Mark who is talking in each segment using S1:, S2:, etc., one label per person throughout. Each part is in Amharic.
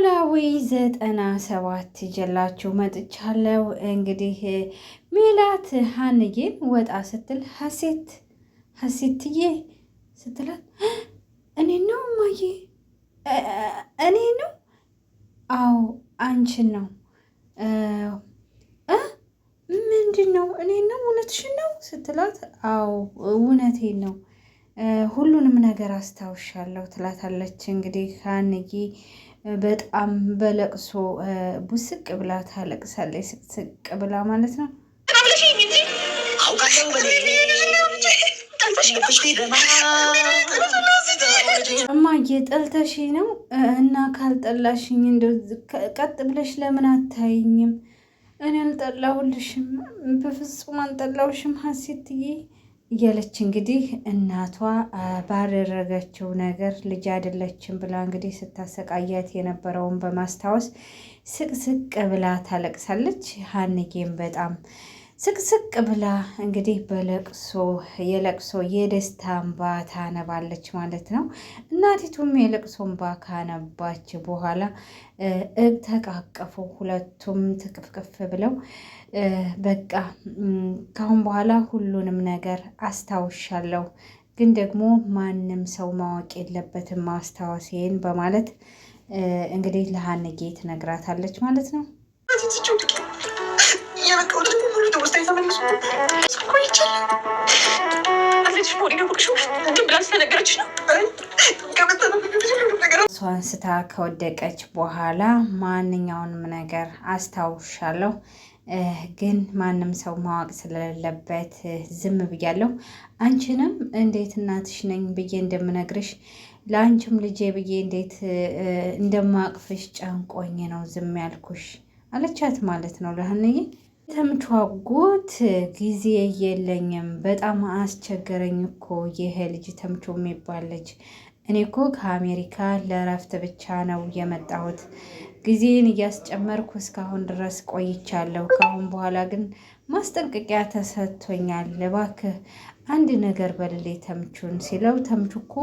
S1: ኖላዊ ዘጠና ሰባት ጀላችሁ መጥቻለሁ። እንግዲህ ሜላት ሀንዬን ወጣ ስትል ሀሴት ሀሴትዬ ስትላት እኔ ነው እማዬ፣ እኔ ነው። አዎ አንቺን ነው። ምንድን ነው? እኔ ነው። እውነትሽን ነው ስትላት፣ አዎ እውነቴን ነው። ሁሉንም ነገር አስታውሻለሁ ትላታለች። እንግዲህ ሀንዬ በጣም በለቅሶ ቡስቅ ብላ ታለቅሳለች። ስቅስቅ ብላ ማለት ነው። እማዬ ጠልተሽ ነው እና ካልጠላሽኝ እንደ ቀጥ ብለሽ ለምን አታይኝም? እኔ አልጠላሁልሽም፣ በፍጹም አልጠላሁሽም ሀሴትዬ እያለች እንግዲህ እናቷ ባደረገችው ነገር ልጅ አይደለችም ብላ እንግዲህ ስታሰቃያት የነበረውን በማስታወስ ስቅስቅ ብላ ታለቅሳለች። ሀንጌም በጣም ስቅስቅ ብላ እንግዲህ በለቅሶ የለቅሶ የደስታ እንባ ታነባለች ማለት ነው። እናቲቱም የለቅሶ እንባ ካነባች በኋላ ተቃቀፉ። ሁለቱም ትቅፍቅፍ ብለው በቃ ካሁን በኋላ ሁሉንም ነገር አስታውሻለሁ፣ ግን ደግሞ ማንም ሰው ማወቅ የለበትም ማስታወሴን በማለት እንግዲህ ለሀንጌ ትነግራታለች ማለት ነው።
S2: ትውስታ የተመለሱ ይቻላል
S1: እሷ አንስታ ከወደቀች በኋላ ማንኛውንም ነገር አስታውሻለሁ፣ ግን ማንም ሰው ማወቅ ስለሌለበት ዝም ብያለሁ። አንቺንም እንዴት እናትሽ ነኝ ብዬ እንደምነግርሽ ለአንቺም ልጄ ብዬ እንዴት እንደማቅፍሽ ጨንቆኝ ነው ዝም ያልኩሽ አለቻት ማለት ነው ለህንዬ ተምቹ ጊዜ የለኝም፣ በጣም አስቸገረኝ እኮ ይሄ ልጅ ተምቾ የሚባል ልጅ። እኔ እኮ ከአሜሪካ ለእረፍት ብቻ ነው የመጣሁት። ጊዜን እያስጨመርኩ እስካሁን ድረስ ቆይቻለሁ። ከአሁን በኋላ ግን ማስጠንቀቂያ ተሰጥቶኛል። እባክህ አንድ ነገር በልሌ ተምቹን ሲለው ተምቹ እኮ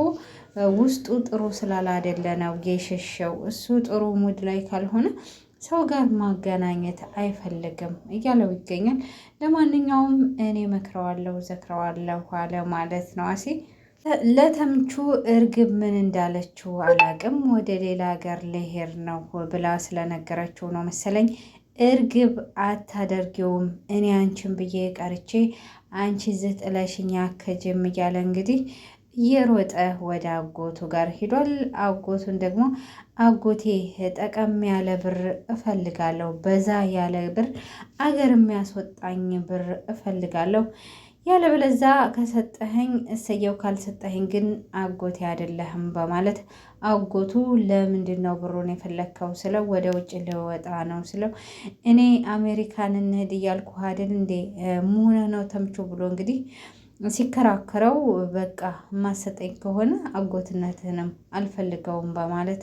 S1: ውስጡ ጥሩ ስላላደለ ነው የሸሸው። እሱ ጥሩ ሙድ ላይ ካልሆነ ሰው ጋር ማገናኘት አይፈልግም እያለው ይገኛል። ለማንኛውም እኔ መክረዋለሁ ዘክረዋለሁ አለ ማለት ነው አሴ። ለተምቹ እርግብ ምን እንዳለችው አላቅም። ወደ ሌላ ሀገር ልሄድ ነው ብላ ስለነገረችው ነው መሰለኝ። እርግብ አታደርጊውም፣ እኔ አንቺን ብዬ ቀርቼ አንቺ ዝህ ጥለሽኛ ከጅም እያለ እንግዲህ የሮጠ ወደ አጎቱ ጋር ሂዷል። አጎቱን ደግሞ አጎቴ ጠቀም ያለ ብር እፈልጋለሁ፣ በዛ ያለ ብር አገር የሚያስወጣኝ ብር እፈልጋለሁ ያለ በለዛ ከሰጠኸኝ እሰየው፣ ካልሰጠኸኝ ግን አጎቴ አይደለህም በማለት አጎቱ ለምንድን ነው ብሩን የፈለግከው ስለው ወደ ውጭ ልወጣ ነው ስለው እኔ አሜሪካን እንሂድ እያልኩህ አይደል እንዴ ሙነ ነው ተምቹ ብሎ እንግዲህ ሲከራከረው በቃ ማሰጠኝ ከሆነ አጎትነትንም አልፈልገውም በማለት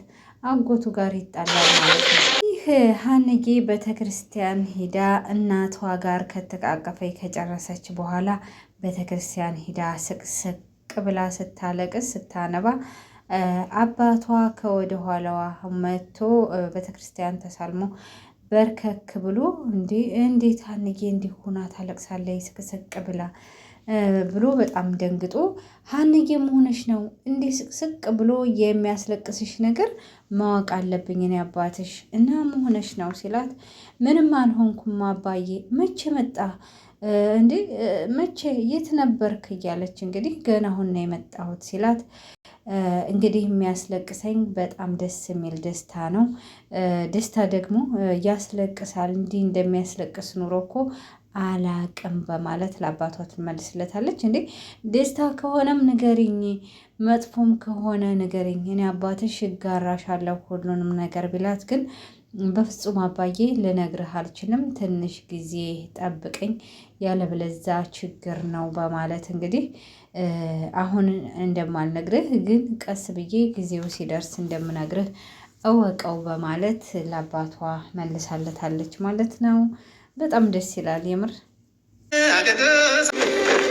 S1: አጎቱ ጋር ይጣላል ማለት ነው። ይህ ሀንጌ ቤተክርስቲያን ሂዳ እናቷ ጋር ከተቃቀፈኝ ከጨረሰች በኋላ ቤተክርስቲያን ሂዳ ስቅስቅ ብላ ስታለቅስ ስታነባ አባቷ ከወደ ኋላዋ መጥቶ ቤተክርስቲያን ተሳልሞ በርከክ ብሎ እንዴት ሀንጌ እንዲህ ታለቅሳለች ስቅስቅ ብላ ብሎ በጣም ደንግጦ ሀንዬ መሆንሽ ነው እንዴ? ስቅስቅ ብሎ የሚያስለቅስሽ ነገር ማወቅ አለብኝ እኔ አባትሽ እና መሆንሽ ነው ሲላት፣ ምንም አልሆንኩም አባዬ። መቼ መጣ እንዴ? መቼ የት ነበርክ? እያለች እንግዲህ ገና አሁን ነው የመጣሁት ሲላት እንግዲህ የሚያስለቅሰኝ በጣም ደስ የሚል ደስታ ነው። ደስታ ደግሞ ያስለቅሳል። እንዲህ እንደሚያስለቅስ ኑሮ እኮ አላቅም በማለት ለአባቷ ትመልስለታለች። እንዴ ደስታ ከሆነም ነገርኝ መጥፎም ከሆነ ንገርኝ እኔ አባትሽ እጋራሻለሁ ሁሉንም ነገር ቢላት ግን በፍጹም አባዬ ልነግርህ አልችልም፣ ትንሽ ጊዜ ጠብቀኝ፣ ያለብለዛ ችግር ነው በማለት እንግዲህ አሁን እንደማልነግርህ ግን ቀስ ብዬ ጊዜው ሲደርስ እንደምነግርህ እወቀው በማለት ለአባቷ መልሳለታለች ማለት ነው። በጣም ደስ ይላል የምር።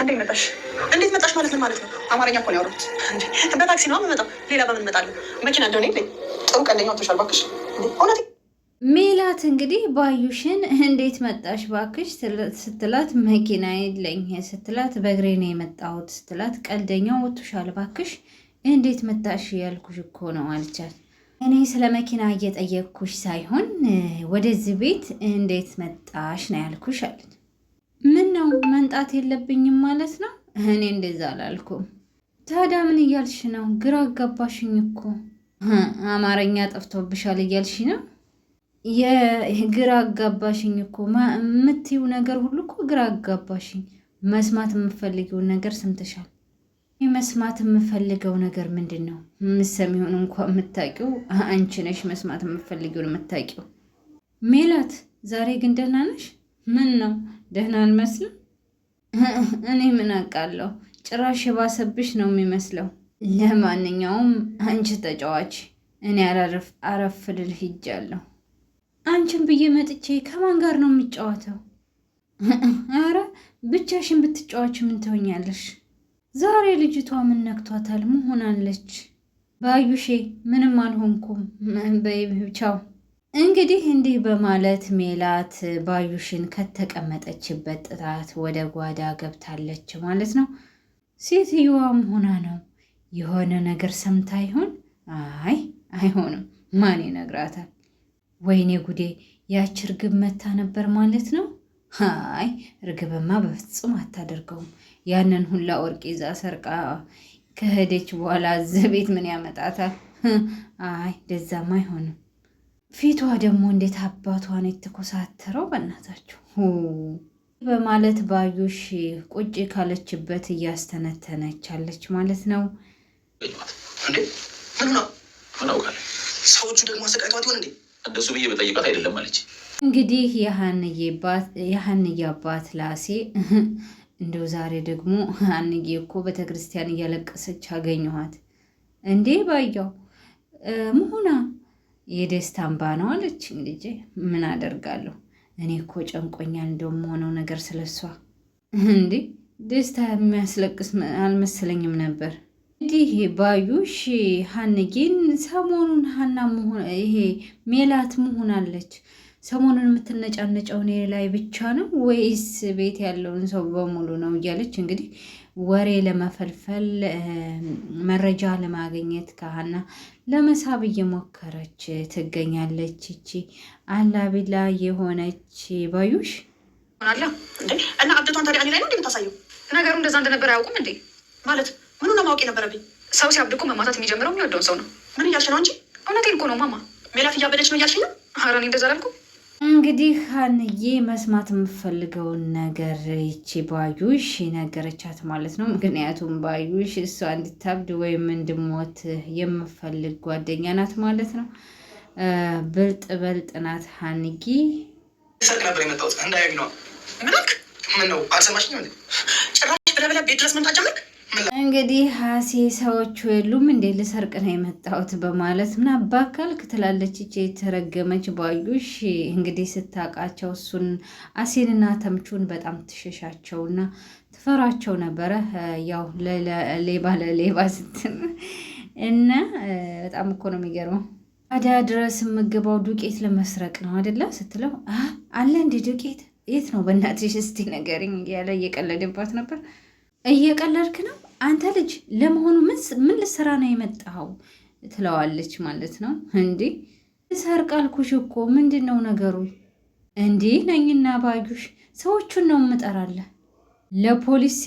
S2: እንዴት መጣሽ? እንዴት መጣሽ ማለት ነው ማለት ነው። አማርኛ እኮ ነው እንዴ በታክሲ ነው የምመጣው። ሌላ በምን እመጣለሁ? መኪና እንደሆነ የለኝ። ጥሩ ቀለኛ ወጥቶሻል እባክሽ። እውነት
S1: ሜላት እንግዲህ ባዩሽን እንዴት መጣሽ ባክሽ ስትላት መኪና የለኝ ስትላት በእግሬ ነው የመጣሁት ስትላት ቀልደኛው ወጥቶሻል ባክሽ እንዴት መጣሽ ያልኩሽ እኮ ነው አልቻት እኔ ስለ መኪና እየጠየቅኩሽ ሳይሆን ወደዚህ ቤት እንዴት መጣሽ ነው ያልኩሽ አለች። ምን ነው መንጣት የለብኝም ማለት ነው? እኔ እንደዛ አላልኩም። ታዲያ ምን እያልሽ ነው? ግራ አጋባሽኝ እኮ። አማርኛ ጠፍቶብሻል እያልሽ ነው? የግራ አጋባሽኝ እኮ የምትይው ነገር ሁሉ እኮ ግራ አጋባሽኝ። መስማት የምፈልጊውን ነገር ሰምተሻል። መስማት የምፈልገው ነገር ምንድን ነው? የምትሰሚውን እንኳ የምታውቂው አንቺ ነሽ። መስማት የምፈልጊውን የምታውቂው ሜላት። ዛሬ ግን ደህና ነሽ? ምን ነው ደህና አልመስልም? እኔ ምን አውቃለሁ? ጭራሽ የባሰብሽ ነው የሚመስለው። ለማንኛውም አንቺ ተጫዋች፣ እኔ አረፍ ልል ሂጃለሁ። አንቺን ብዬ መጥቼ ከማን ጋር ነው የምጫወተው? አረ ብቻሽን ብትጫዋች ምን ትሆኛለሽ? ዛሬ ልጅቷ ምን ነክቷታል? መሆናለች ባዩሼ ምንም አልሆንኩም በቻው። እንግዲህ እንዲህ በማለት ሜላት ባዩሽን ከተቀመጠችበት ጥታት ወደ ጓዳ ገብታለች ማለት ነው። ሴትየዋም ሆና ነው የሆነ ነገር ሰምታ ይሆን? አይ አይሆንም፣ ማን ይነግራታል? ወይኔ ጉዴ፣ ያች እርግብ መታ ነበር ማለት ነው። አይ እርግብማ በፍጹም አታደርገውም። ያንን ሁላ ወርቅ ይዛ ሰርቃ ከሄደች በኋላ እዚህ ቤት ምን ያመጣታል? አይ ደዛም አይሆንም። ፊቷ ደግሞ እንዴት አባቷን የተኮሳተረው! በእናታችሁ በማለት ባዩሽ ቁጭ ካለችበት እያስተነተነቻለች ማለት ነው።
S2: ሰዎቹ ደግሞ አሰቃይቷት ይሆን እንዴ? እንደሱ ብዬ በጠይቃት አይደለም አለች።
S1: እንግዲህ የሀንዬ አባት ላሴ እንደው ዛሬ ደግሞ አንዬ እኮ ቤተክርስቲያን እያለቀሰች አገኘኋት። እንዴ ባያው መሆና የደስታ እንባ ነው አለች። ልጄ ምን አደርጋለሁ እኔ እኮ ጨንቆኛል። እንደውም ሆነው ነገር ስለሷ እንዴ ደስታ የሚያስለቅስ አልመሰለኝም ነበር። እንዲህ ባዩሽ ሀንጌን ሰሞኑን ሀና ይሄ ሜላት መሆናለች ሰሞኑን የምትነጫነጨው እኔ ላይ ብቻ ነው ወይስ ቤት ያለውን ሰው በሙሉ ነው እያለች እንግዲህ ወሬ ለመፈልፈል መረጃ ለማግኘት ከሀና ለመሳብ እየሞከረች ትገኛለች። እቺ አላቢላ የሆነች ባዩሽ
S2: አለ እና አብደቷን ታዲያ እኔ ላይ ነው የምታሳየው? ነገሩ እንደዛ እንደነበረ አያውቁም እንዴ? ማለት ምኑ ነው ማወቅ የነበረብኝ? ሰው ሲያብድ መማታት የሚጀምረው የሚወደውን ሰው ነው። ምን እያልሽ ነው? እንጂ እውነቴን እኮ ነው ማማ። ሜላት እያበደች ነው እያልሽ ነው? ኧረ እኔ እንደዛ አላልኩም።
S1: እንግዲህ ሀንዬ መስማት የምፈልገውን ነገር ይቺ ባዩሽ ነገረቻት ማለት ነው። ምክንያቱም ባዩሽ እሷ እንድታብድ ወይም እንድሞት የምፈልግ ጓደኛ ናት ማለት ነው። ብልጥ በልጥ ናት ሀንጊ።
S2: ሰርቅ ነበር የመጣሁት እንዳያግ ነው። ምልክ ምን ነው አልሰማሽኝ? ጭራሽ ብለህ ብለህ ቤት ድረስ መምጣት ጀመርክ?
S1: እንግዲህ ሀሴ ሰዎቹ የሉም እንዴ ልሰርቅ ነው የመጣሁት በማለት ምን አባካልክ ትላለች የተረገመች ባዩሽ። እንግዲህ ስታውቃቸው እሱን አሴንና ተምቹን በጣም ትሸሻቸውና ትፈራቸው ነበረ። ያው ሌባ ለሌባ ስትን እና በጣም እኮ ነው የሚገርመው። አዲ ድረስ የምገባው ዱቄት ለመስረቅ ነው አደለ ስትለው አለ እንዴ ዱቄት የት ነው በእናትሽ እስቲ ንገሪኝ እያለ እየቀለደባት ነበር። እየቀለድክ ነው አንተ ልጅ፣ ለመሆኑ ምን ልሰራ ነው የመጣኸው? ትለዋለች ማለት ነው። እንዲህ ሰርቅ አልኩሽ እኮ ምንድን ነው ነገሩ? እንዲህ ነኝና ባዩሽ፣ ሰዎቹን ነው የምጠራለህ። ለፖሊስ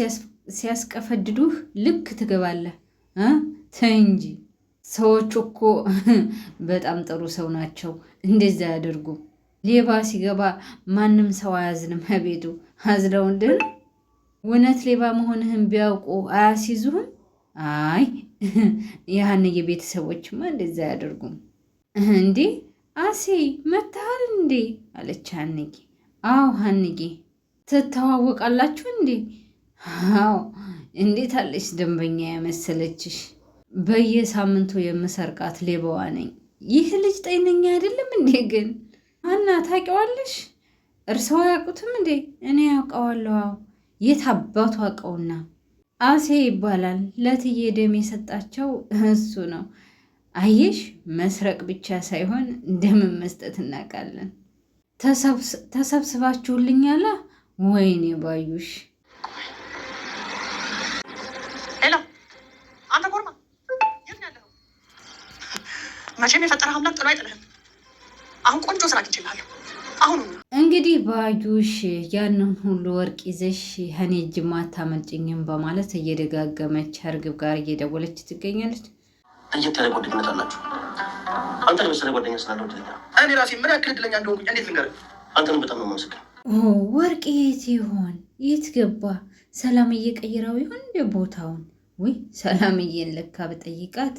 S1: ሲያስቀፈድዱህ ልክ ትገባለህ እ ተንጂ ሰዎቹ እኮ በጣም ጥሩ ሰው ናቸው፣ እንደዛ ያደርጉ። ሌባ ሲገባ ማንም ሰው አያዝንም። ቤቱ አዝለው እንድን እውነት ሌባ መሆንህን ቢያውቁ አያስይዙህም? አይ የሀንዬ ቤተሰቦችማ እንደዛ አያደርጉም። እንዴ አሴ መታሃል እንዴ አለች ሀንጌ። አዎ ሀንጌ ትተዋወቃላችሁ እንዴ? አዎ እንዴት አለች ደንበኛ ያመሰለችሽ። በየሳምንቱ የምሰርቃት ሌባዋ ነኝ። ይህ ልጅ ጤነኛ አይደለም እንዴ? ግን አና ታውቂዋለሽ? እርሰው አያውቁትም እንዴ? እኔ ያውቀዋለሁ። የት አባቱ አውቀውና አሴ ይባላል ለትዬ ደም የሰጣቸው እሱ ነው። አየሽ መስረቅ ብቻ ሳይሆን ደምን መስጠት እናውቃለን። ተሰብስባችሁልኛላ? ወይኔ ባዩሽ
S2: መቼም የፈጠረ አምላክ ጥሎ አይጥልህም። አሁን ቆንጆ ስራ አግኝቼልሃለሁ አሁን
S1: እንግዲህ ባዩሽ ያንን ሁሉ ወርቅ ይዘሽ እኔ እጅማ አታመልጭኝም በማለት እየደጋገመች እርግብ ጋር እየደወለች ትገኛለች።
S2: ለየት ያለ ጓደኝነት አላችሁ። አንተ የመሰለ ጓደኛ ስላለ ወደኛ እኔ ራሴ ምን ያክል ድለኛ እንደሆንኩኝ እንዴት ልንገር። አንተንም በጣም ነው
S1: የማመሰግነው። ወርቅ የት ይሆን የት ገባ? ሰላምዬ ቀይራው ይሆን እንደ ቦታውን? ወይ ሰላምዬን ለካ በጠይቃት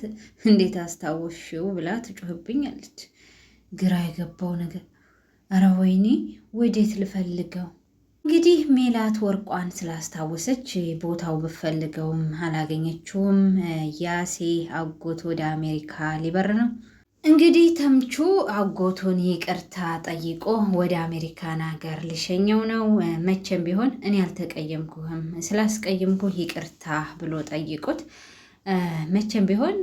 S1: እንዴት አስታወሽው ብላ ትጮህብኛለች። ግራ የገባው ነገር እረ ወይኔ ወዴት ልፈልገው? እንግዲህ ሜላት ወርቋን ስላስታወሰች ቦታው ብፈልገውም አላገኘችውም። ያሴ አጎት ወደ አሜሪካ ሊበር ነው። እንግዲህ ተምቹ አጎቱን ይቅርታ ጠይቆ ወደ አሜሪካን ሀገር ሊሸኘው ነው። መቼም ቢሆን እኔ አልተቀየምኩህም፣ ስላስቀየምኩ ይቅርታ ብሎ ጠይቁት። መቼም ቢሆን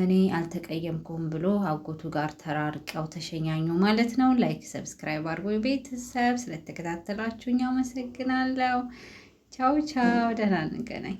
S1: እኔ አልተቀየምኩም ብሎ አጎቱ ጋር ተራርቀው ተሸኛኙ ማለት ነው። ላይክ ሰብስክራይብ አድርጎ ቤተሰብ ስለተከታተላችሁኝ አመሰግናለሁ። ቻው ቻው፣ ደህና እንገናኝ።